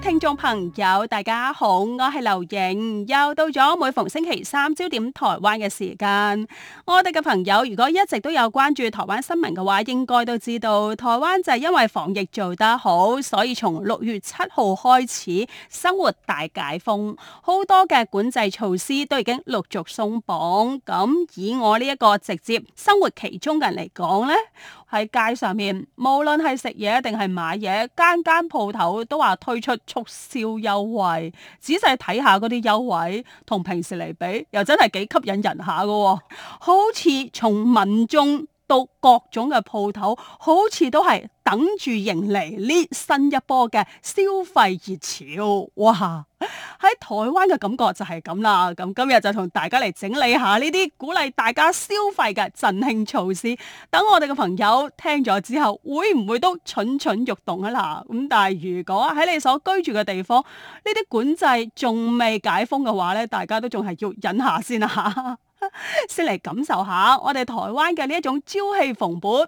聽眾朋友，大家好，我係劉瑩，又到咗每逢星期三焦點台灣嘅時間。我哋嘅朋友如果一直都有關注台灣新聞嘅話，應該都知道台灣就係因為防疫做得好，所以從六月七號開始生活大解封，好多嘅管制措施都已經陸續鬆綁。咁以我呢一個直接生活其中嘅人嚟講咧，喺街上面無論係食嘢定係買嘢，間間鋪頭都話推出。促銷優惠，仔細睇下嗰啲優惠同平時嚟比，又真係幾吸引人下㗎喎，好似從民眾到各種嘅鋪頭，好似都係等住迎嚟呢新一波嘅消費熱潮。哇！喺台灣嘅感覺就係咁啦。咁今日就同大家嚟整理下呢啲鼓勵大家消費嘅振興措施。等我哋嘅朋友聽咗之後，會唔會都蠢蠢欲動啊？嗱，咁，但係如果喺你所居住嘅地方，呢啲管制仲未解封嘅話呢，大家都仲係要忍下先啦。先嚟感受下我哋台灣嘅呢一種朝氣蓬勃。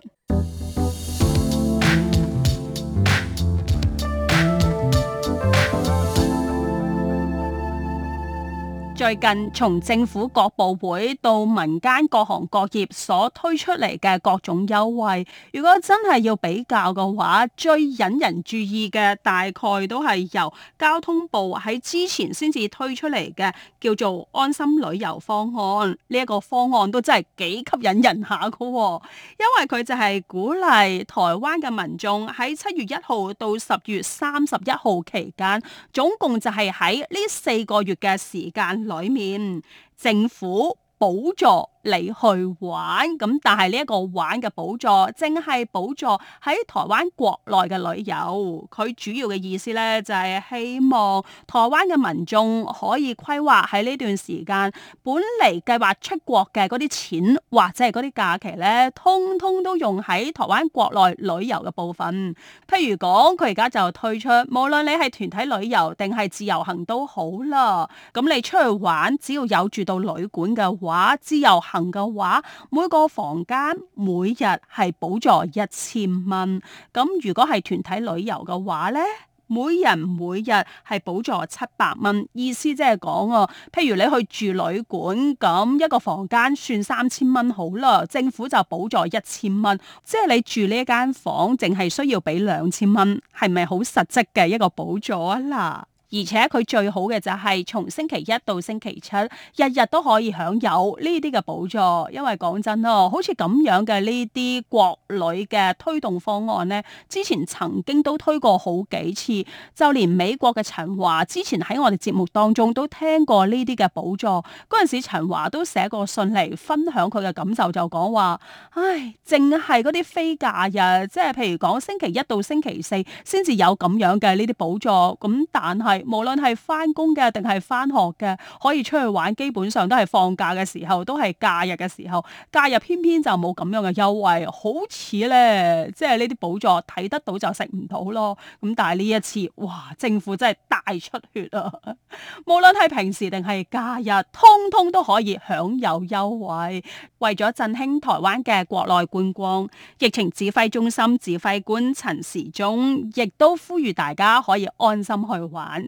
最近從政府各部會到民間各行各業所推出嚟嘅各種優惠，如果真係要比較嘅話，最引人注意嘅大概都係由交通部喺之前先至推出嚟嘅，叫做安心旅遊方案呢一個方案都真係幾吸引人下噶哦，因為佢就係鼓勵台灣嘅民眾喺七月一號到十月三十一號期間，總共就係喺呢四個月嘅時間。裏面政府補助。你去玩咁，但係呢一個玩嘅補助，正係補助喺台灣國內嘅旅遊。佢主要嘅意思咧，就係、是、希望台灣嘅民眾可以規劃喺呢段時間，本嚟計劃出國嘅啲錢或者係嗰啲假期咧，通通都用喺台灣國內旅遊嘅部分。譬如講，佢而家就推出，無論你係團體旅遊定係自由行都好啦。咁你出去玩，只要有住到旅館嘅話，自由。行嘅話，每個房間每日係補助一千蚊。咁如果係團體旅遊嘅話呢，每人每日係補助七百蚊。意思即係講啊，譬如你去住旅館，咁一個房間算三千蚊好啦，政府就補助一千蚊，即係你住呢一間房，淨係需要俾兩千蚊，係咪好實質嘅一個補助啊？啦～而且佢最好嘅就係從星期一到星期七，日日都可以享有呢啲嘅補助。因為講真咯，好似咁樣嘅呢啲國旅嘅推動方案咧，之前曾經都推過好幾次。就連美國嘅陳華之前喺我哋節目當中都聽過呢啲嘅補助。陣時陳華都寫過信嚟分享佢嘅感受就，就講話唉，淨係嗰啲非假日，即係譬如講星期一到星期四先至有咁樣嘅呢啲補助。咁但係。無論係翻工嘅定係翻學嘅，可以出去玩，基本上都係放假嘅時候，都係假日嘅時候。假日偏偏就冇咁樣嘅優惠，好似咧，即係呢啲補助睇得到就食唔到咯。咁但係呢一次，哇，政府真係大出血啊！無論係平時定係假日，通通都可以享有優惠，為咗振興台灣嘅國內觀光。疫情指揮中心指揮官陳時中亦都呼籲大家可以安心去玩。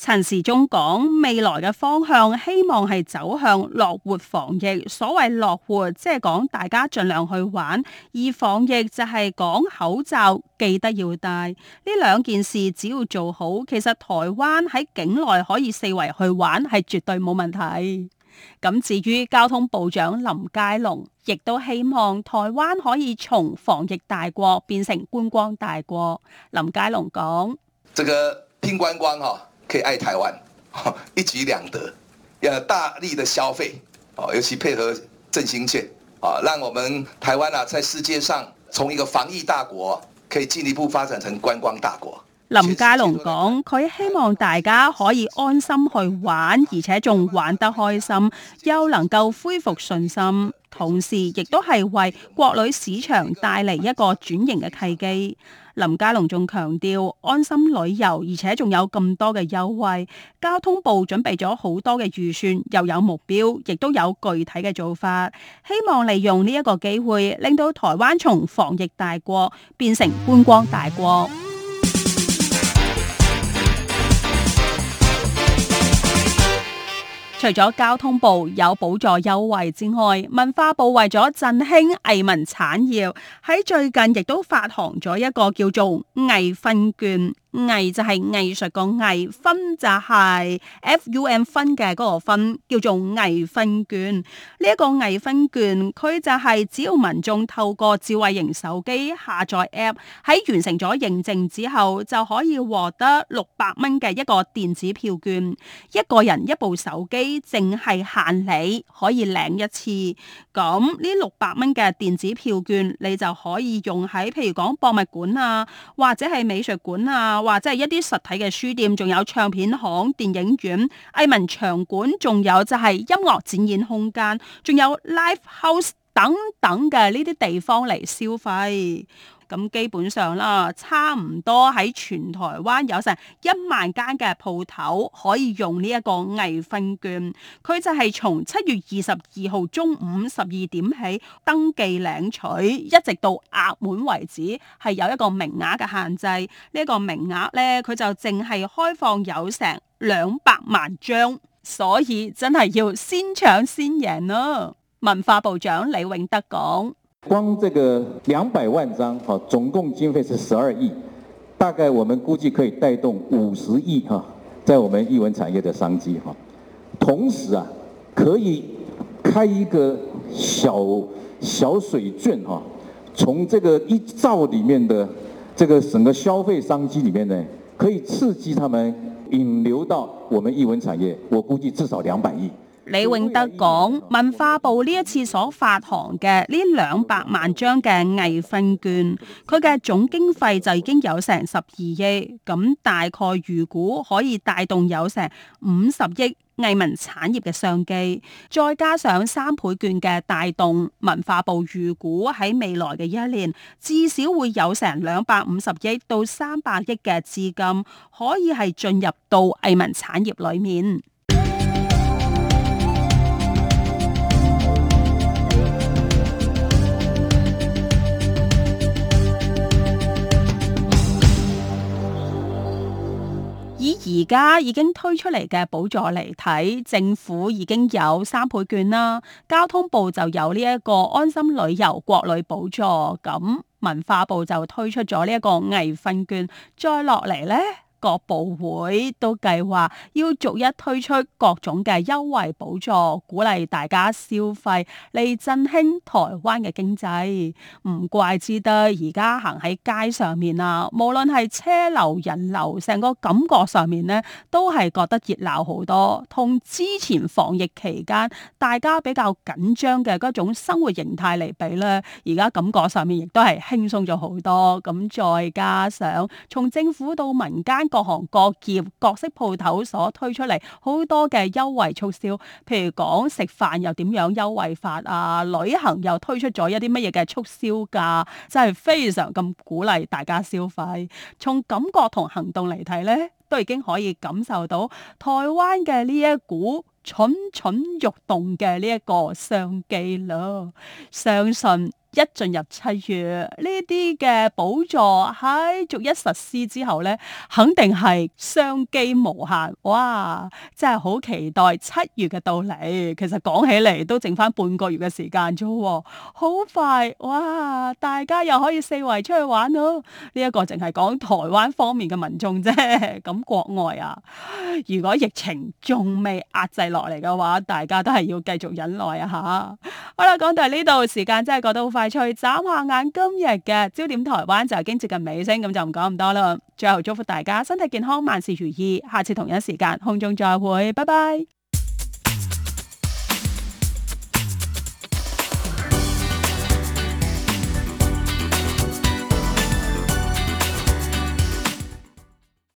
陳時中講，未來嘅方向，希望係走向樂活防疫。所謂樂活，即係講大家盡量去玩；而防疫就係講口罩記得要戴。呢兩件事只要做好，其實台灣喺境內可以四圍去玩，係絕對冇問題。咁至於交通部長林佳龍，亦都希望台灣可以從防疫大國變成觀光大國。林佳龍講：，這個變觀光可以愛台灣，一舉兩得，要大力的消費，尤其配合振興券，啊，讓我們台灣啊，在世界上從一個防疫大國，可以進一步發展成觀光大國。林佳龍講，佢希望大家可以安心去玩，而且仲玩得開心，又能夠恢復信心，同時亦都係為國旅市場帶嚟一個轉型嘅契機。林家龍仲強調，安心旅遊，而且仲有咁多嘅優惠。交通部準備咗好多嘅預算，又有目標，亦都有具體嘅做法，希望利用呢一個機會，令到台灣從防疫大國變成觀光大國。除咗交通部有補助優惠之外，文化部為咗振興藝文產業，喺最近亦都發行咗一個叫做藝 FUN 券。藝就係藝術個藝，分就係 FUN 分嘅嗰個分，叫做藝分券。呢、這、一個藝分券佢就係只要民眾透過智慧型手機下載 App，喺完成咗認證之後，就可以獲得六百蚊嘅一個電子票券。一個人一部手機淨係限你可以領一次。咁呢六百蚊嘅電子票券，你就可以用喺譬如講博物館啊或者係美術館啊。話即係一啲實體嘅書店，仲有唱片行、電影院、藝文場館，仲有就係音樂展演空間，仲有 live house 等等嘅呢啲地方嚟消費。咁基本上啦，差唔多喺全台灣有成一萬間嘅鋪頭可以用呢一個藝 FUN 券，佢就係從七月二十二號中午十二點起登記領取，一直到額滿為止，係有一個名額嘅限制。呢、這、一個名額呢，佢就淨係開放有成兩百萬張，所以真係要先搶先贏啊！文化部長李永德講。光這個兩百萬張，哈，總共經費是十二億，大概我們估計可以帶動五十億，哈，在我們藝文產業的商機，哈，同時啊，可以開一個小小水卷，哈，從這個一兆裡面的這個整個消費商機裡面呢，可以刺激他們引流到我們藝文產業，我估計至少兩百億。李永德講：文化部呢一次所發行嘅呢兩百萬張嘅藝 FUN 券，佢嘅總經費就已經有成十二億，咁大概預估可以帶動有成五十億藝文產業嘅商機，再加上三倍券嘅帶動，文化部預估喺未來嘅一年，至少會有成兩百五十億到三百億嘅資金可以係進入到藝文產業裡面。而家已經推出嚟嘅補助嚟睇，政府已經有三倍券啦，交通部就有呢一個安心旅遊國旅補助，咁文化部就推出咗呢一個藝 FUN 券，再落嚟呢。各部會都計劃要逐一推出各種嘅優惠補助，鼓勵大家消費嚟振興台灣嘅經濟。唔怪之得而家行喺街上面啊，無論係車流人流，成個感覺上面咧，都係覺得熱鬧好多。同之前防疫期間大家比較緊張嘅嗰種生活形態嚟比咧，而家感覺上面亦都係輕鬆咗好多。咁再加上從政府到民間。各行各業各式鋪頭所推出嚟好多嘅優惠促銷，譬如講食飯又點樣優惠法啊，旅行又推出咗一啲乜嘢嘅促銷價，真係非常咁鼓勵大家消費。從感覺同行動嚟睇呢，都已經可以感受到台灣嘅呢一股蠢蠢欲動嘅呢一個商機啦，相信。一進入七月，呢啲嘅補助喺逐一實施之後呢，肯定係商機無限，哇！真係好期待七月嘅到嚟。其實講起嚟都剩翻半個月嘅時間啫、哦，好快，哇！大家又可以四圍出去玩咯。呢、這、一個淨係講台灣方面嘅民眾啫，咁 國外啊，如果疫情仲未壓制落嚟嘅話，大家都係要繼續忍耐啊！嚇，好啦，講到呢度，時間真係覺得好快。隨眨下眼，今日嘅焦點台灣就已經接近尾聲，咁就唔講咁多啦。最後祝福大家身體健康，萬事如意。下次同一時間空中再會，拜拜。